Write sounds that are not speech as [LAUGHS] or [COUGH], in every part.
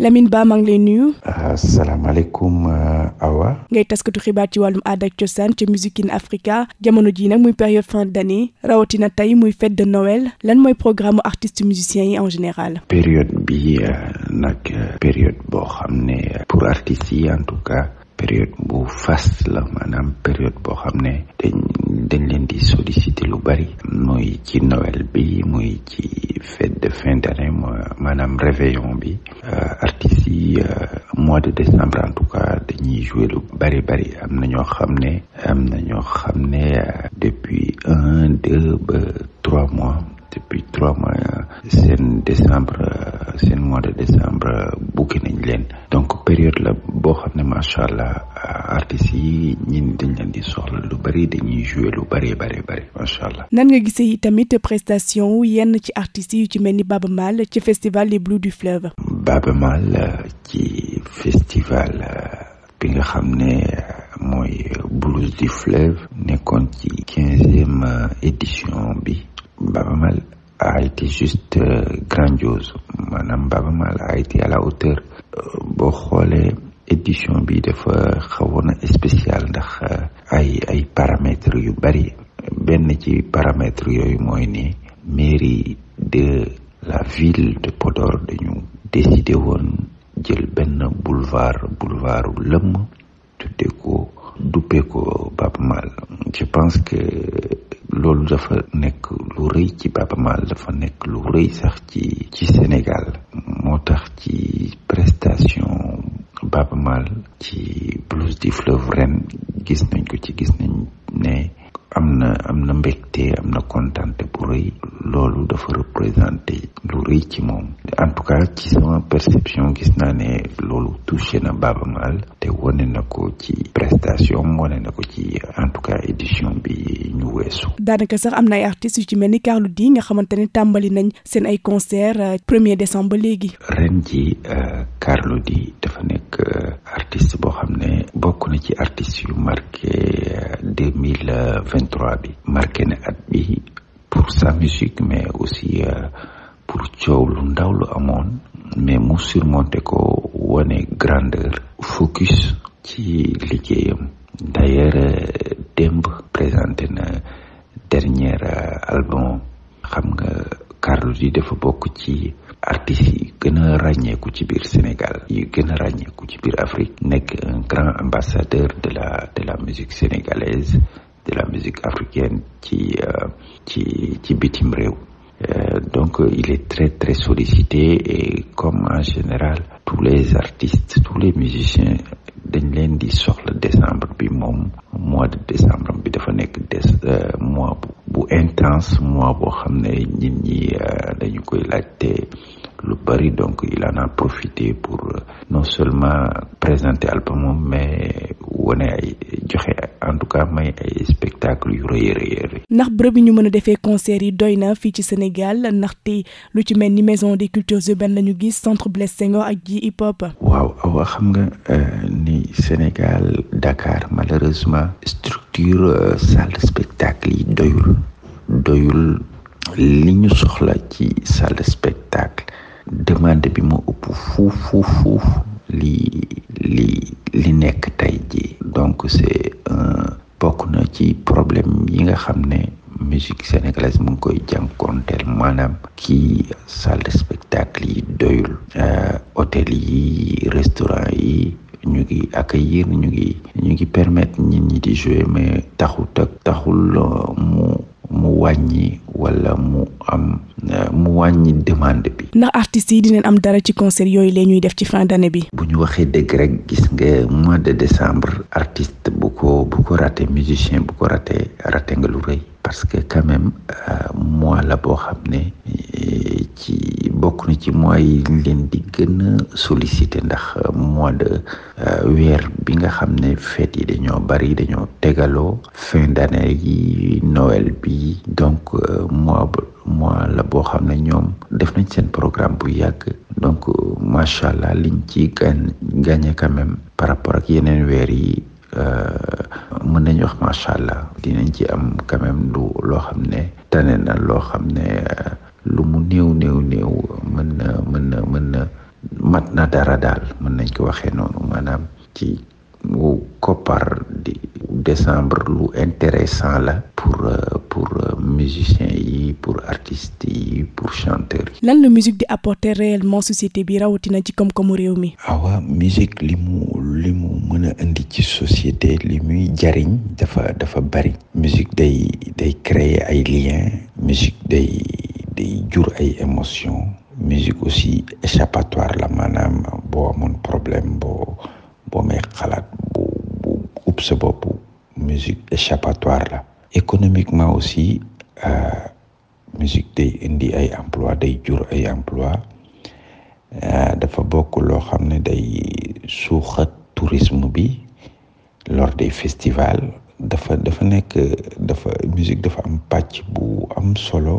Lamine Ba maa ngi lay nuyu. asalaamaaleykum euh, Awa. ngay taskatu xibaar ci wàllum aada ak cosaan ci Music Africa jamono jii nag muy période fin d'année rawatina tey muy fête de Noël lan mooy programme artiste musicien yi en général. période bi euh, nag euh, période boo xam ne pour artistes yi en tout cas période bu fas la maanaam période boo xam ne dañ dañ leen di solliciter lu bari. muy ci Noël bi muy ci. fête de fin d'année maanaam réveillon bi euh, artistes yi euh, mois de décembre en tout cas dañuy jouer lu bari bari am na ñoo xam ne am na ñoo xam ne euh, depuis un deux ba trois mois depuis trois mois seen décembre euh, seen mois de décembre bukki nañ leen donc période la boo xam ne macha allah euh, artistes yi ñin dañ leen di soxla lu bari dañuy jouer lu bari bari bari macha allah. nan nga gisee yi tamit prestation yenn ci artistes yu ci mel ni Baba Maal ci festival Les Blues du Fleuve. Baba Maal euh, ci festival bi nga xam ne. mooy Blues du Fleuve nekkoon ci quinzième bi Baba Maal a été juste euh, grandiose maanaam Baaba Maal a été à la hauteur euh, boo xoolee édition bi dafa xawoon a spécial ndax euh, ay ay paramètres yu bari benn ci paramètres yooyu mooy ni mairie de la ville de Podor dañu décidé woon jël benn boulevard boulevardu lëmm tuddee ko duppee ko Baaba Maal je pense que loolu dafa nekk lu rëy ci Baaba Maal dafa nekk lu rëy sax ci ci Sénégal moo tax ci prestation Baaba Maal ci Blues du Fleuve ren gis nañ ko ci gis nañ ne am na am na mbégte am na kontante bu rëy loolu dafa représenté lu rëy ci moom en tout cas ci sama perception gis naa ne loolu touché na Baaba Maal te wane na ko ci prestation wane na ko ci en tout cas édition bi ñu weesu. daanaka sax am na ay artistes yu ci mel ni Carlou di nga xamante ne tàmbali nañ seen ay concert euh, premier décembre ba léegi. ren ji euh, Carlou di dafa nekk euh, artiste boo xam ne bokk na ci artistes yu marqué deux 2023 bi marqué ne at bi pour sa musique mais aussi euh, pour coow lu ndaw lu amoon mais mu surmonté ko wane grandeur focus ci liggéeyam d'ailleurs euh, démb présenté na dernier euh, album xam nga Carlou D dafa bokk ci artistes yi gën a ràññeeku ci biir Sénégal yi gën a ràññeeku ci biir Afrique nekk un grand ambassadeur de la de la musique sénégalaise de la musique africaine ci euh, ci ci bitim réew euh, donc euh, il est très très sollicité et comme en général tous les artistes tous les musiciens dañ leen di soxla décembre bi moom mois de décembre bi dafa nekk des mois bu intense mois boo xam ne nit ñi dañu koy laajte lu bëri donc il en a profité pour euh, non seulement présenter album mais wone ay joxe en tout cas may ay spectacle yu rëy rëy ndax bërëb yi ñu mën a defee concert yi doy na fii ci Sénégal te lu ci mel ni maison des cultures urbaines la ñu gis centre Blaise Senghor ak ji hip hop. waaw awa xam nga euh, ni Sénégal Dakar malheureusement structure euh, salle de spectacle yi doyul doyul li ñu soxla ci salle spectacle. demande bi moo ëpp fuuf fuuf li li li nekk tey jii donc c'est un bokk na ci problème yi nga xam ne musique sénégalaise mu ngi koy jànkonteel maanaam kii salle de spectacle yi doyul euh, hôtel yi restaurant yi ñu ngi accueillir ñu ngi ñu ngi permettre nit ñi di jouer mais taxut ak taxul euh, mu mu wàññi wala mu am euh, mu wàññi demande bi. ndax artistes yi dinañ am dara ci concert yooyu la ñuy def ci fin bi. bu ñu waxee dëgg rek gis nga mois de décembre artiste bu ko bu ko raté musicien bu ko raté rate nga lu rëy parce que quand même euh, mois la boo xam ne. ci bokk na ci mois yi leen di gën sollicité ndax mois de euh, weer bi nga xam ne fête yi dañoo bari dañoo tegaloo fin d'année yi Noël bi donc euh, mois mois la boo xam ne ñoom def nañ seen programme bu yàgg donc euh, macha allah liñ ci gañ gagné par rapport ak yeneen weer yi mën nañu wax macha allah dinañ ci am quand loo xam ne tane na loo xam ne. lu mu néew néew néew mën na mën na mën na mat na dara daal mën nañ ko waxee noonu maanaam ci koppar di décembre lu intéressant la pour pour musiciens yi pour artist yi pour chanteurs yi. lan la musique di apporter réellement société bi rawatina ci koom-koomu réew mi. Ah awa musique li mu li mu mën a indi ci société li muy jariñ dafa dafa bari. musique day day créer ay liens musique day. day jur ay émotion musique aussi échappatoire la maanaam boo amoon problème boo boo may xalaat bu bu ub sa bopp musique la économiquement aussi euh, musique day indi ay emploi day jur ay emploi euh, dafa bokk loo xam ne day suuxat tourisme bi lors des festivals dafa dafa nekk dafa musique dafa am pàcc bu am solo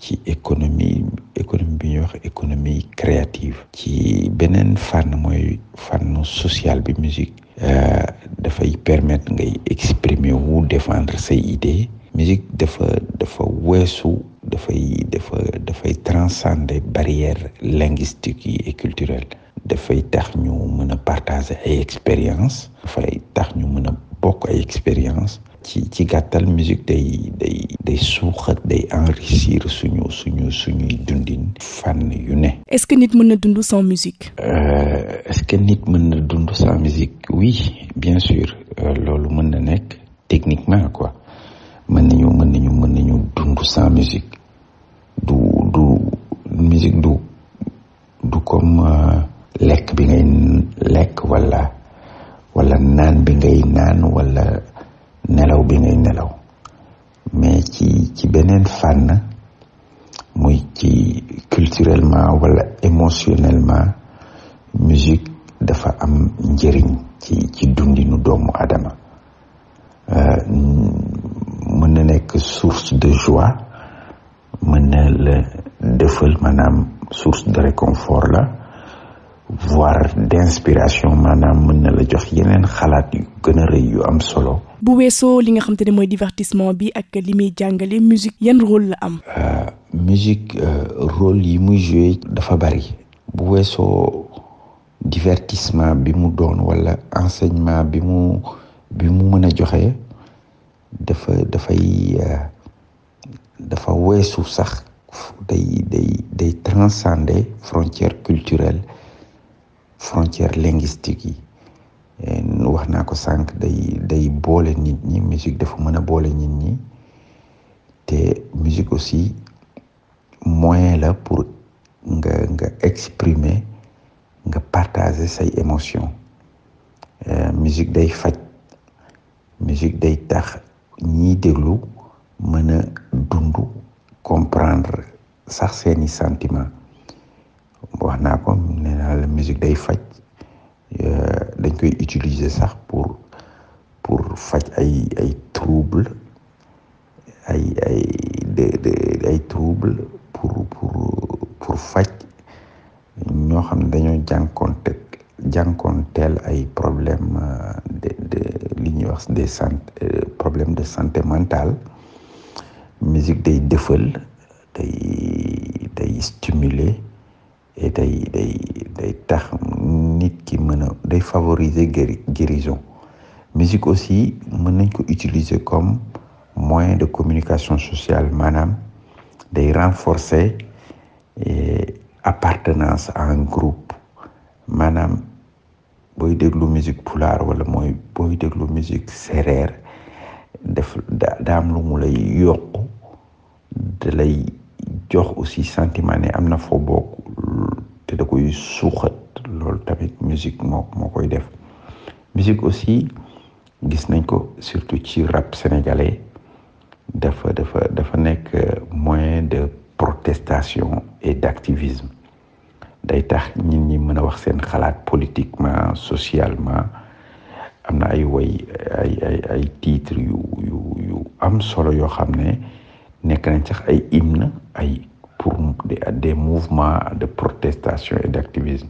ci économie économie bi ñuy wax économie créative ci beneen fànn mooy fànn sociale bi musique euh, dafay permettre ngay exprimer wu défendre say idées musique dafa dafa weesu dafay dafa dafay transcender barrières linguistiques yi et culturelles dafay tax ñu mën a partager ay expérience dafay tax ñu mën a bokk ay expérience ci ci gàttal musique day day day suuxat day enrichir suñu suñu suñuy dundin fànn yu ne. est-ce que nit mën na dund sans musique. Euh, est-ce mën na dund sans bien sûr euh, loolu mën na nekk techniquement quoi mën nañu mën nañu mën nañu dund sans musique du du musique du du comme euh, lekk bi ngay lekk wala wala naan bi ngay naan wala. nelaw bi ngay nelaw mais ci ci beneen fànn muy ci culturellement wala émotionnellement musique dafa am njëriñ ci ci dundinu doomu Adama euh, mën na nekk source de joie mën na la defal maanaam source de réconfort la voire d'inspiration maanaam mën na la jox yeneen xalaat yu gën a rëy yu am solo. bu weesoo li nga xam te ne mooy divertissement bi ak li muy jàngale musique yan rôle la am. Euh, musique euh, rôle yi muy joué dafa bari. bu weesoo divertissement bi mu doon walla enseignement bi mu bi mu mën a joxe dafa dafay euh, dafa weesu sax day day day transcender frontière culturelle. frontière linguistique yi wax naa ko sànq day day boole nit ñi musique dafa mën a boole nit ñi te musique aussi moyen la pour nga nga exprimer nga partager say émotion euh, musique day faj musique day tax ñiy déglu mën a dund comprendre sax seeni sentiment wax naa ko musique day faj euh, dañ koy utiliser sax pour pour faj ay ay trouble ay ay ay trouble pour pour faj ñoo xam ne dañoo jànkoonte jànkoonteel ay problème euh, de de li ñuy wax des santé euh, problème de santé mentale musique day dëfal day day stimuler day tax nit ki mën a day favoriser guérison musique aussi mën nañ ko utiliser comme moyen de communication sociale maanaam day renforcer eh, appartenance à un groupe maanaam booy déglu musique poular wala mooy booy déglu musique séeréer def da lu mu lay yokk da lay jox aussi sentiment ne am na foo te da koy suuxat loolu tamit musique moo moo koy def musique aussi gis nañ ko surtout ci rap sénégalais dafa dafa dafa nekk euh, moyen de protestation et d'activisme day tax nit ñi mën a wax seen xalaat politiquement socialement am na ay woy ay ay ay titre yu yu am solo yoo xam ne nekk nañ sax ay im na ay pour des mouvements de protestation et d'activisme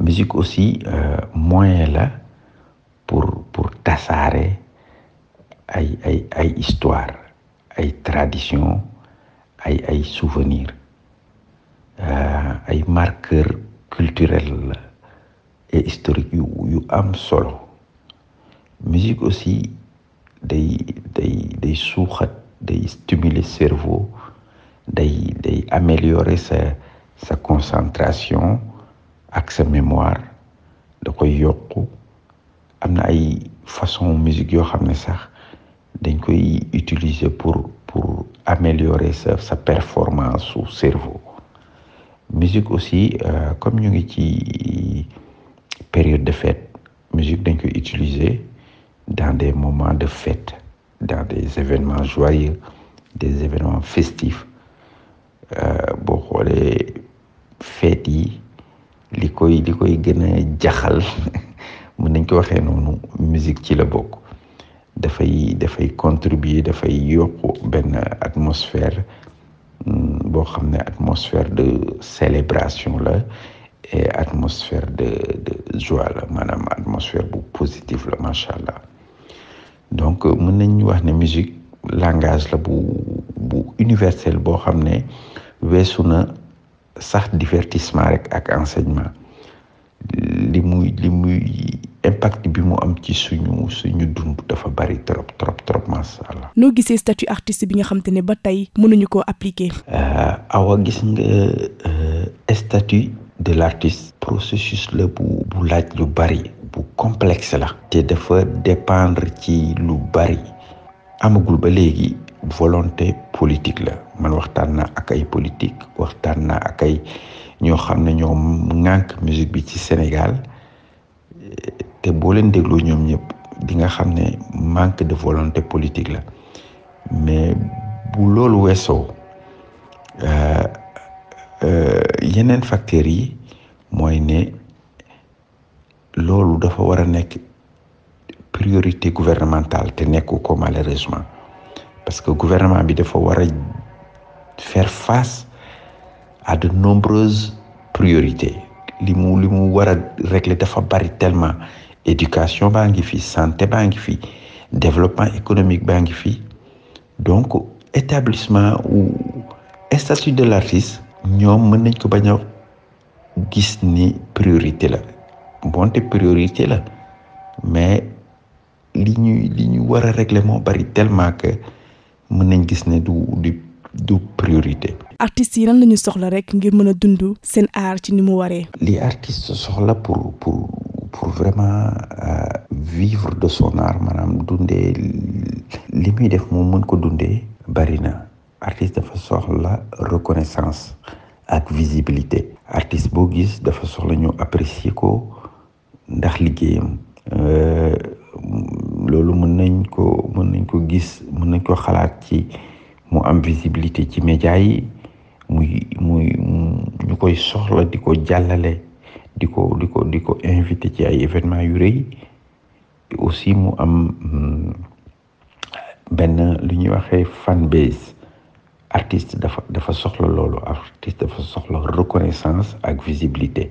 musique aussi euh, moyen la pour pour tasaare ay ay ay histoire ay tradition ay ay souvenir euh, ay marqueur culturel et historique yu yu am solo musique aussi day day day suuxat day stimuler cerveau day day améliorer sa concentration ak sa mémoire da koy yokku am na ay façon musique yoo xam ne sax dañ koy utiliser pour pour améliorer sa sa performance su cerveau musique aussi euh, comme ñu ngi ci période de fête musique dañ koy utiliser dans des moments de fête dans des événements joyeux des événements festifs Euh, boo xoolee feet yi li koy li koy gën a jaxal [LAUGHS] mën nañ ko waxee noonu musique ci la bokk dafay dafay contribuer dafay yokku benn atmosphère mm, boo xam ne atmosphère de célébration la et atmosphère de de joie la maanaam atmosphère bu positif la macha allah donc mën nañ wax ne musique langage la bu bu boo xam ne weesu na sax divertissement rek ak enseignement li muy li muy impact bi mu am ci suñu suñu dund dafa bari trop trop trop macha allah. noo gisee statut artiste bi nga xam te ne ba tey mënuñu koo appliquer. Euh, a gis nga euh, statut de l'artiste. processus la bu bu laaj lu bari bu complexe la. te dafa dépendre ci lu bari. amagul ba léegi volonté politique la man waxtaan na ak ay politique waxtaan na ak ay ñoo xam ne ñoom ŋànk musique bi ci Sénégal te boo leen dégloo ñoom ñëpp di nga xam ne manque de volonté politique la mais bu loolu weesoo euh, euh, yeneen facteurs yi mooy ne loolu dafa war a nekk priorité gouvernementale te nekku ko malheureusement parce que gouvernement bi dafa war a faire face à de nombreuses priorités li mu li mu war a régler dafa bari tellement éducation baa ngi fi santé baa ngi fi développement économique baa ngi fi donc établissement ou statut de l'artiste ñoom mën nañ ko bañ a gis ni priorité la bonte priorité la mais war a régler bari tellement que mën nañ gis ne du du du priorité. artistes yi lan la ñu soxla rek ngir mën a dund seen art ci ni mu waree. li artiste soxla pour pour pour vraiment euh, vivre de son art maanaam dundee li muy def moom mën ko dundee bari na artiste dafa soxla reconnaissance ak visibilité artiste boo gis dafa soxla ñu apprécier ko ndax liggéeyam. Euh, loolu mën nañ ko mën nañ ko gis mën nañ ko xalaat ci mu am visibilité ci média yi muy muy ñu koy soxla di ko jàllale di ko di ko di ko invité ci ay événement yu rëy aussi mu am mm, benn lu ñuy waxee fan base artiste dafa dafa soxla loolu artiste dafa soxla reconnaissance ak visibilité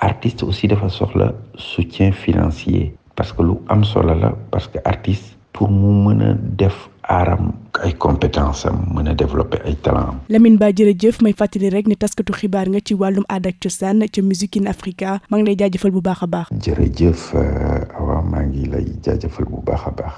artiste aussi dafa soxla soutien financier parce que lu am solo la parce que artiste pour mu mën a def aaram ay compétence am mën a développer ay talent am. Lamine Ba jërëjëf may fàttali rek ne taskatu xibaar nga ci wàllum aada ak cosaan ca Music in Africa maa ngi lay jaajëfal bu baax a baax. jërëjëf euh, Awa maa ngi lay jaajëfal bu baax a baax.